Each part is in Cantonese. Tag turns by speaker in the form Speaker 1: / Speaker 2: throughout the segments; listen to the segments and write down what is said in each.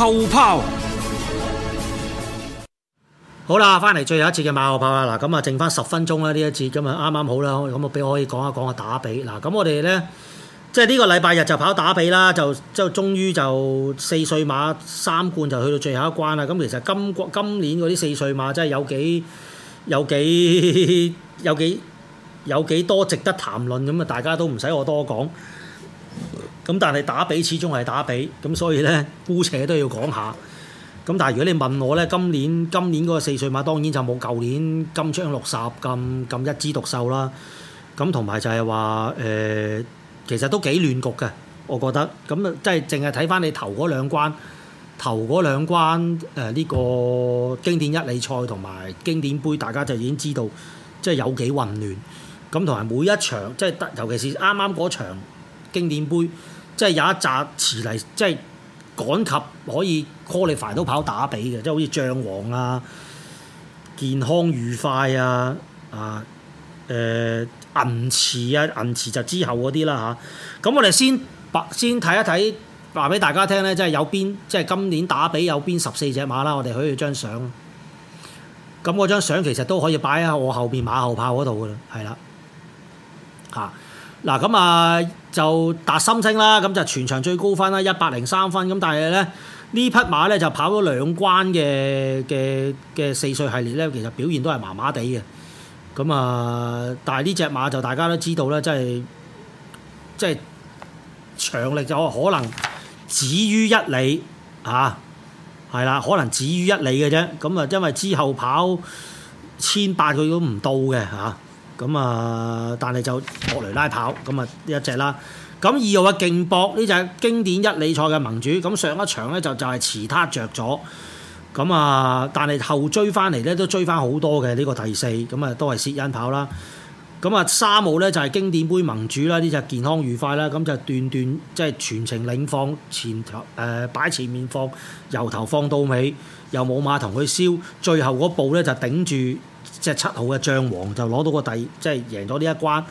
Speaker 1: 後炮，好啦，翻嚟最後一節嘅馬後炮啦。嗱，咁啊，剩翻十分鐘啦呢一節，咁啊，啱啱好啦。咁我畀可以講一講個打比。嗱，咁我哋呢，即係呢個禮拜日就跑打比啦，就即係終於就四歲馬三冠就去到最後一關啦。咁其實今今年嗰啲四歲馬真係有幾有幾有幾有幾多值得談論咁啊！大家都唔使我多講。咁但係打比始終係打比，咁所以呢，姑且都要講下。咁但係如果你問我呢，今年今年嗰個四歲馬當然就冇舊年金槍六十咁咁一枝獨秀啦。咁同埋就係話誒，其實都幾亂局嘅，我覺得。咁啊，即係淨係睇翻你頭嗰兩關，頭嗰兩關呢、呃呢個經典一哩賽同埋經典杯，大家就已經知道即係、就是、有幾混亂。咁同埋每一場即係尤其是啱啱嗰場經典杯。即係有一紮詞嚟，即係趕及可以 call 你快都跑打比嘅，即係好似象王啊、健康愉快啊、啊、誒、呃、銀詞啊、銀詞就之後嗰啲啦吓，咁、啊、我哋先白先睇一睇，話俾大家聽咧，即係有邊即係今年打比有邊十四隻馬啦。我哋可以張相，咁我張相其實都可以擺喺我後邊馬後炮嗰度嘅啦，係啦，嚇、啊。嗱咁啊，就達心星啦，咁就全場最高分啦，一百零三分。咁但係咧，呢匹馬咧就跑咗兩關嘅嘅嘅四歲系列咧，其實表現都係麻麻地嘅。咁啊，但係呢隻馬就大家都知道咧，真係即係長力就可能止於一里啊，係啦，可能止於一里嘅啫。咁啊，因為之後跑千八佢都唔到嘅嚇。啊咁啊、嗯！但係就博雷拉跑，咁、嗯、啊一隻啦。咁二號嘅勁搏呢隻係經典一哩賽嘅盟主，咁、嗯、上一場咧就就係遲他着咗。咁、嗯、啊，但係後追翻嚟咧都追翻好多嘅呢、這個第四。咁、嗯、啊，都係攝影跑啦。咁、嗯、啊，沙姆咧就係、是、經典杯盟主啦，呢隻健康愉快啦。咁、嗯、就斷斷即係全程領放前頭誒、呃，擺前面放由頭放到尾，又冇馬同佢燒，最後嗰步咧就頂住。即七號嘅將王就攞到個第，即係贏咗呢一關。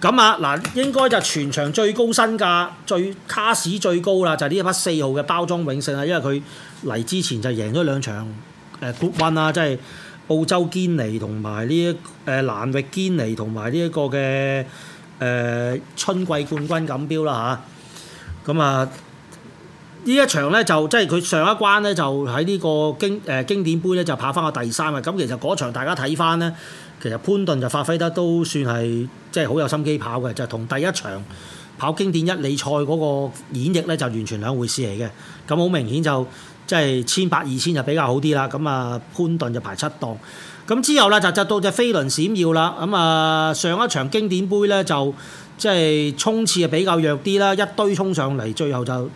Speaker 1: 咁啊，嗱，應該就全場最高身價、最卡士最高啦，就係、是、呢一匹四號嘅包裝永勝啊，因為佢嚟之前就贏咗兩場誒 g o o d 啦，呃、One，即係澳洲堅尼同埋呢誒蘭域堅尼同埋呢一個嘅誒、呃、春季冠軍錦標啦吓，咁啊～呢一場咧就即係佢上一關咧就喺呢個經誒、呃、經典杯咧就跑翻個第三嘅，咁其實嗰場大家睇翻咧，其實潘頓就發揮得都算係即係好有心機跑嘅，就同、是、第一場跑經典一哩賽嗰個演繹咧就完全兩回事嚟嘅。咁好明顯就即係千八二千就比較好啲啦。咁啊潘頓就排七檔，咁之後咧就就到隻飛輪閃耀啦。咁啊上一場經典杯咧就即係、就是、衝刺啊比較弱啲啦，一堆衝上嚟最後就。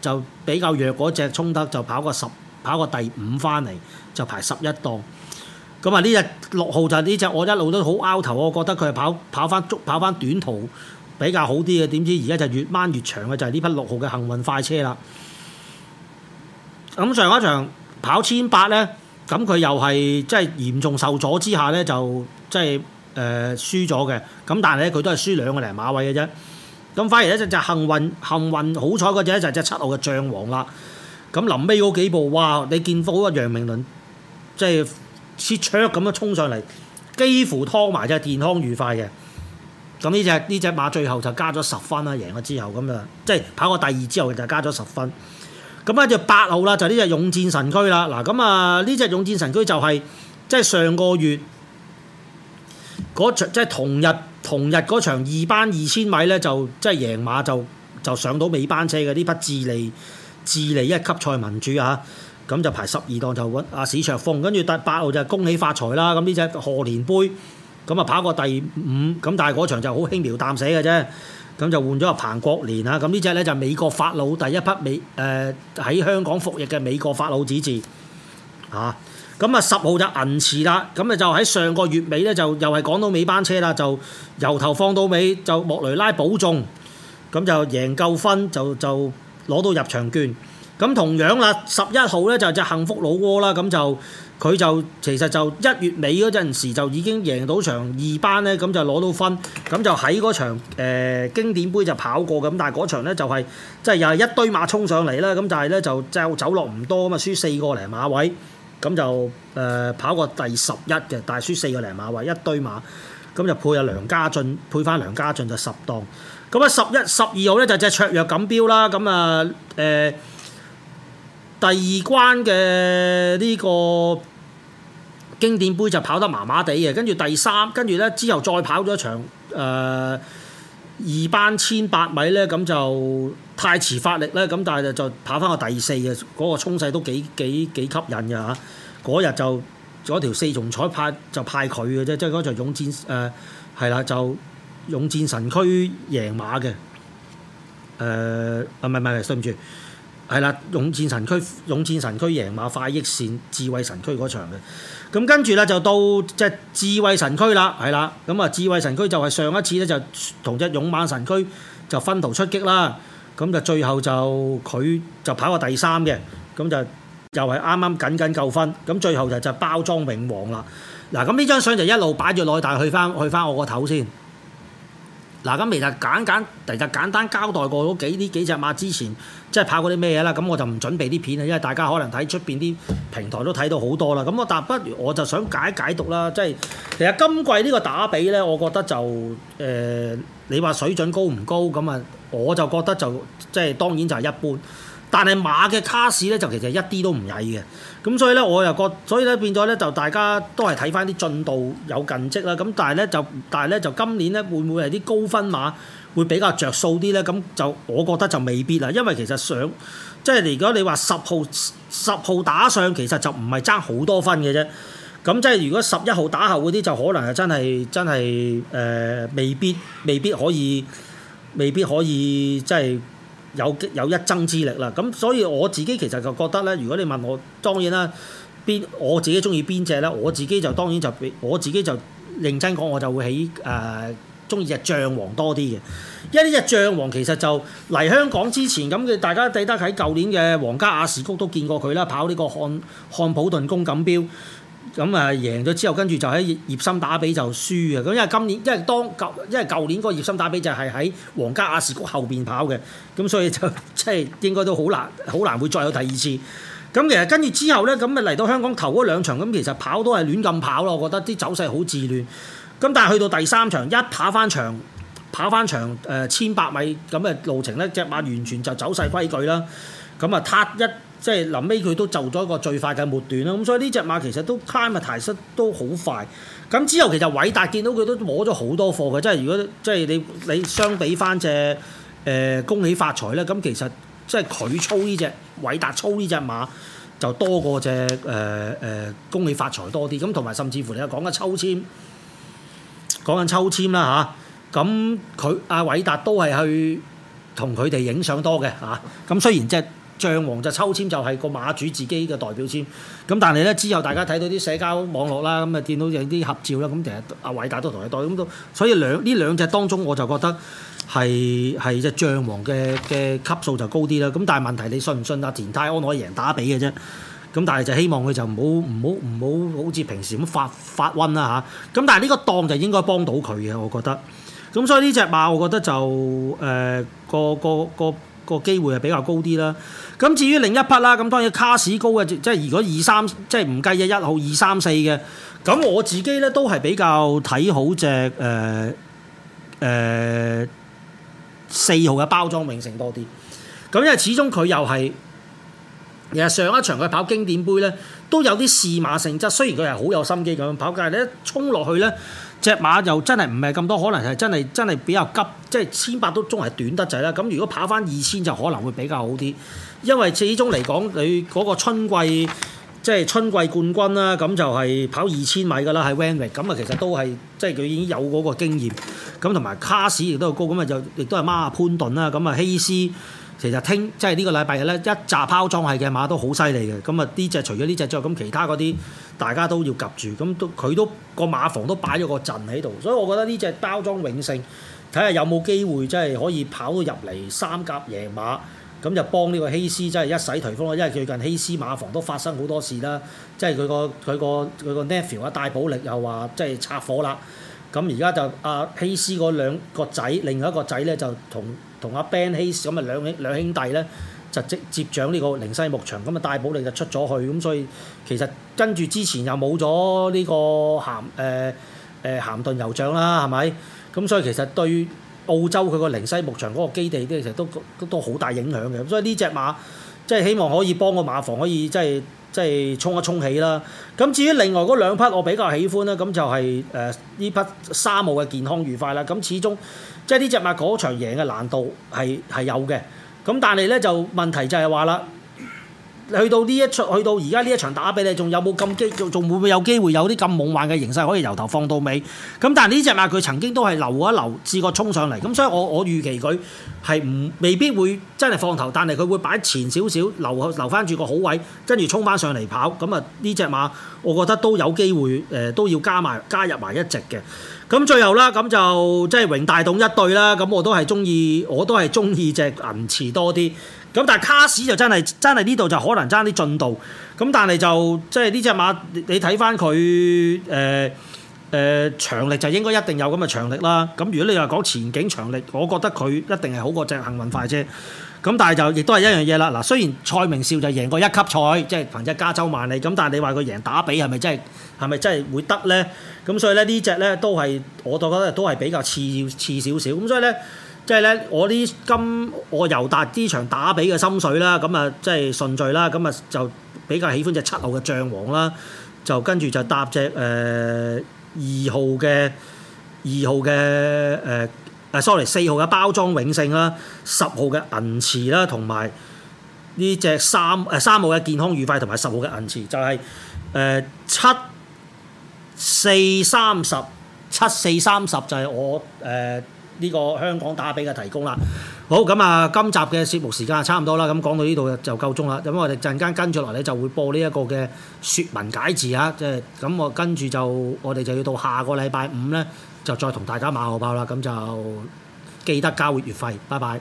Speaker 1: 就比較弱嗰隻衝得就跑個十跑個第五翻嚟，就排十一檔。咁啊呢隻六號就係呢隻，我一路都好拗頭，我覺得佢係跑跑翻跑翻短途比較好啲嘅。點知而家就越掹越長嘅就係呢匹六號嘅幸運快車啦。咁上一場跑千八咧，咁佢又係即係嚴重受阻之下咧，就即係誒輸咗嘅。咁但係咧，佢都係輸兩個零馬位嘅啫。咁反而一隻就幸運，幸運好彩嗰隻就係隻七號嘅象王啦。咁臨尾嗰幾步，哇！你見到啊楊明倫即係、就是、切槍咁樣衝上嚟，幾乎拖埋隻健康愉快嘅。咁呢隻呢隻馬最後就加咗十分啦，贏咗之後咁啊，即係跑過第二之後就加咗十分。咁咧就八號啦，就呢隻勇戰神驅啦。嗱，咁啊呢隻勇戰神驅就係即係上個月。嗰場即係同日同日嗰場二班二千米咧，就即係贏馬就就上到尾班車嘅呢匹智利智利一級賽民主啊，咁就排十二檔就揾阿、啊、史卓峯，跟住第八號就恭喜發財啦！咁呢隻賀年杯咁啊跑過第五，咁、啊、但係嗰場就好輕描淡寫嘅啫，咁、啊、就換咗阿彭國蓮啊！咁呢隻咧就係、美國法老第一匹美誒喺、呃、香港服役嘅美國法老子嗣啊！咁啊，十號就銀池啦。咁啊，就喺上個月尾咧，就又係講到尾班車啦。就由頭放到尾，就莫雷拉保中，咁就贏夠分，就就攞到入場券。咁同樣啦，十一號咧就隻幸福老窩啦。咁就佢就其實就一月尾嗰陣時就已經贏到場二班咧，咁就攞到分。咁就喺嗰場誒、呃、經典杯就跑過咁，但係嗰場咧就係即係又係一堆馬衝上嚟啦。咁但係咧就就是、走，走落唔多咁啊，輸四個零馬位。咁就誒、呃、跑過第十一嘅，大輸四個零馬位一堆馬，咁就配下梁家俊，配翻梁家俊就十檔。咁啊十一、十二號咧就只、是、卓越錦標啦。咁啊誒第二關嘅呢個經典杯就跑得麻麻地嘅。跟住第三，跟住咧之後再跑咗一場誒、呃、二班千八米咧，咁就。太遲發力咧，咁但係就跑翻個第四嘅嗰、嗰個衝勢都幾幾幾吸引嘅嚇。嗰、啊、日就嗰條四重彩派就派佢嘅啫，即係嗰場勇戰誒係、呃、啦，就勇戰神區贏馬嘅誒，唔係唔係，對唔住，係啦，勇戰神區勇戰神區贏馬快益線智慧神區嗰場嘅。咁跟住咧就到即係智慧神區啦，係啦，咁啊智慧神區就係上一次咧就同隻勇猛神區就分途出擊啦。咁就最後就佢就跑過第三嘅，咁就又係啱啱緊緊夠分，咁最後就就包裝永皇啦。嗱，咁呢張相就一路擺住攞，但去翻去翻我個頭先。嗱，咁其實簡簡，其實簡單交代過嗰幾呢幾隻馬之前即係拍過啲咩嘢啦，咁我就唔準備啲片啦，因為大家可能睇出邊啲平台都睇到好多啦，咁我但不如我就想解一解讀啦，即係其實今季呢個打比咧，我覺得就誒、呃、你話水準高唔高咁啊？我就覺得就即係當然就係一般。但係馬嘅卡士咧就其實一啲都唔曳嘅，咁所以咧我又覺，所以咧變咗咧就大家都係睇翻啲進度有近績啦。咁但係咧就，但係咧就今年咧會唔會係啲高分馬會比較着數啲咧？咁就我覺得就未必啦，因為其實上即係如果你話十號十號打上，其實就唔係爭好多分嘅啫。咁即係如果十一號打後嗰啲，就可能係真係真係誒、呃，未必未必可以，未必可以即係。有有一爭之力啦，咁所以我自己其實就覺得咧，如果你問我，當然啦，邊我自己中意邊隻咧？我自己就當然就俾我自己就認真講，我就會起誒中意隻象王多啲嘅。因為呢隻象王其實就嚟香港之前咁嘅，大家記得喺舊年嘅皇家亞士谷都見過佢啦，跑呢個漢漢普頓宮錦標。咁啊贏咗之後，跟住就喺葉葉森打比就輸啊！咁因為今年因為當舊因為舊年嗰個葉森打比就係喺皇家亞士谷後邊跑嘅，咁所以就即係應該都好難好難會再有第二次。咁其實跟住之後咧，咁啊嚟到香港頭嗰兩場，咁其實跑都係亂咁跑咯。我覺得啲走勢好自亂。咁但係去到第三場，一跑翻場跑翻場誒千百米咁嘅路程咧，隻馬完全就走勢規矩啦。咁啊，塌一。即係臨尾佢都就咗一個最快嘅末段啦，咁所以呢隻馬其實都 time 提速都好快。咁之後其實偉達見到佢都摸咗好多貨嘅，即係如果即係你你相比翻隻誒恭喜發財咧，咁其實即係佢操呢隻偉達操呢隻馬就多過隻誒誒恭喜發財多啲。咁同埋甚至乎你又講緊抽籤，講緊抽籤啦吓，咁佢阿偉達都係去同佢哋影相多嘅吓，咁、啊、雖然即係。仗王就抽籤就係個馬主自己嘅代表籤，咁但係咧之後大家睇到啲社交網絡啦，咁啊見到有啲合照啦，咁其實阿偉大都同佢代咁都，所以兩呢兩隻當中，我就覺得係係即係仗王嘅嘅級數就高啲啦。咁但係問題你信唔信阿田泰安可以贏打比嘅啫？咁但係就希望佢就唔好唔好唔好好似平時咁發發瘟啦嚇。咁、啊、但係呢個檔就應該幫到佢嘅，我覺得。咁所以呢隻馬我覺得就誒個個個。個個個機會係比較高啲啦。咁至於另一匹啦，咁當然卡士高嘅即係如果二三即係唔計嘅一號二三四嘅，咁我自己呢都係比較睇好隻誒誒四號嘅包裝永盛多啲。咁因為始終佢又係其實上一場佢跑經典杯呢，都有啲試馬性質，雖然佢係好有心機咁樣跑，但係你一衝落去呢。隻馬就真係唔係咁多可能，係真係真係比較急，即係千八都中係短得滯啦。咁如果跑返二千就可能會比較好啲，因為始終嚟講你嗰個春季即係春季冠軍啦，咁就係跑二千米㗎啦，係 Wendy，咁啊其實都係即係佢已經有嗰個經驗，咁同埋卡士亦都高，咁啊就亦都係孖亞潘頓啦，咁啊希斯。其實聽即係呢個禮拜日咧，一扎包裝係嘅馬都好犀利嘅，咁啊呢隻除咗呢隻之外，咁其他嗰啲大家都要夾住，咁都佢都個馬房都擺咗個陣喺度，所以我覺得呢隻包裝永勝，睇下有冇機會即係可以跑到入嚟三甲贏馬，咁就幫呢個希斯即係一洗頹風，因為最近希斯馬房都發生好多事啦，即係佢個佢個佢個 Neville 啊戴寶力又話即係拆夥啦，咁而家就阿、啊、希斯嗰兩個仔，另外一個仔咧就同。同阿 Ben Hayes 咁啊，兩兩兄弟咧就直接掌呢個靈西牧場，咁啊戴保利就出咗去，咁所以其實跟住之前又冇咗呢個鹹誒誒鹹頓酋長啦，係咪？咁所以其實對澳洲佢個靈西牧場嗰個基地咧，其實都都好大影響嘅。所以呢隻馬即係希望可以幫個馬房可以即係。即係衝一衝起啦，咁至於另外嗰兩匹我比較喜歡咧，咁就係誒呢匹沙務嘅健康愉快啦。咁始終即係呢隻馬嗰場贏嘅難度係係有嘅，咁但係咧就問題就係話啦。去到呢一出，去到而家呢一場打俾你，仲有冇咁激？仲仲會唔會有機會有啲咁夢幻嘅形勢可以由頭放到尾？咁但係呢隻馬佢曾經都係留一留，試過衝上嚟。咁所以我我預期佢係唔未必會真係放頭，但係佢會擺前少少，留留翻住個好位，跟住衝翻上嚟跑。咁啊呢隻馬，我覺得都有機會誒、呃，都要加埋加入埋一隻嘅。咁最後啦，咁就即係、就是、榮大棟一對啦。咁我都係中意，我都係中意隻銀池多啲。咁但係卡士就真係真係呢度就可能差啲進度，咁但係就即係呢隻馬，你睇翻佢誒誒長力就應該一定有咁嘅長力啦。咁如果你話講前景長力，我覺得佢一定係好過隻幸運快車。咁但係就亦都係一樣嘢啦。嗱，雖然蔡明少就贏過一級賽，即係憑隻加州萬里。咁但係你話佢贏打比係咪真係係咪真係會得呢？咁所以咧呢隻咧都係我覺得都係比較次要次少少。咁所以呢。即係咧，我啲今我尤達呢場打比嘅心水啦，咁啊，即係順序啦，咁啊就比較喜歡隻七號嘅將王啦，就跟住就搭隻誒、呃、二號嘅二號嘅誒誒，sorry，四號嘅包裝永勝啦，十號嘅銀池啦，同埋呢隻三誒、呃、三號嘅健康愉快同埋十號嘅銀池，就係、是、誒、呃、七四三十，七四三十就係我誒。呃呢個香港打比嘅提供啦，好，咁啊，今集嘅節目時間差唔多啦，咁講到呢度就夠鐘啦。咁我哋陣間跟住落嚟就會播呢一個嘅説文解字啊，即係咁我跟住就我哋就要到下個禮拜五咧，就再同大家買荷包啦。咁就記得交月月費，拜拜。